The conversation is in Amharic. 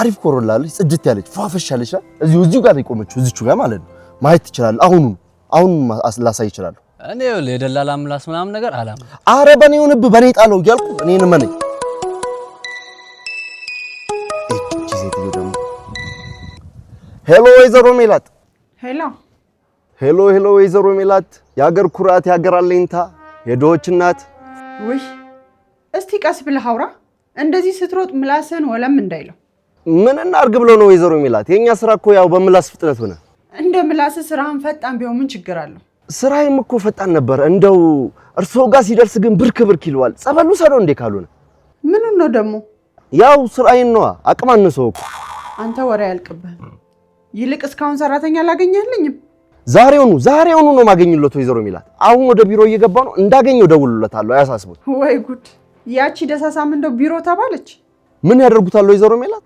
አሪፍ ኮሮላ አለች፣ ጽድት ያለች ፏፈሽ ያለች እዚሁ እዚሁ ጋር የቆመችው እዚሁ ጋር ማለት ነው። ማየት ትችላለህ። አሁኑ አሁን ላሳይ ይችላል። እኔ የደላላ ምላስ ምናምን ነገር አላም አረ በኔ ሆነብህ በኔ ጣለው እያልኩ እኔን መነኝ እቺ ሴትዮ ደግሞ ሄሎ ወይዘሮ ሜላት ሄሎ ሄሎ ሄሎ ወይዘሮ ሜላት የአገር ኩራት የአገር አለኝታ የድሆች እናት ውይ እስቲ ቀስ ብለህ አውራ እንደዚህ ስትሮጥ ምላስህን ወለም እንዳይለው ምን እናርግ ብሎ ነው ወይዘሮ የሚላት? የኛ ስራ እኮ ያው በምላስ ፍጥነት ሆነ። እንደ ምላስ ስራህን ፈጣን ቢሆን ምን ችግር አለው? ስራዬም እኮ ፈጣን ነበር። እንደው እርሶ ጋር ሲደርስ ግን ብርክ ብርክ ይለዋል። ጸበሉ ሰዶ እንዴ ካልሆነ ምን ነው ደግሞ? ያው ስራዬን ነዋ። አቅም አንሰው እኮ አንተ ወሬ ያልቅብህ። ይልቅ እስካሁን ሰራተኛ አላገኘህልኝም? ዛሬውኑ ዛሬውኑ ነው ማገኝለት ወይዘሮ የሚላት። አሁን ወደ ቢሮ እየገባ ነው። እንዳገኘው ደውሉለታለሁ። አያሳስቡት። ወይ ጉድ! ያቺ ደሳሳም እንደው ቢሮ ተባለች። ምን ያደርጉታል ወይዘሮ የሚላት?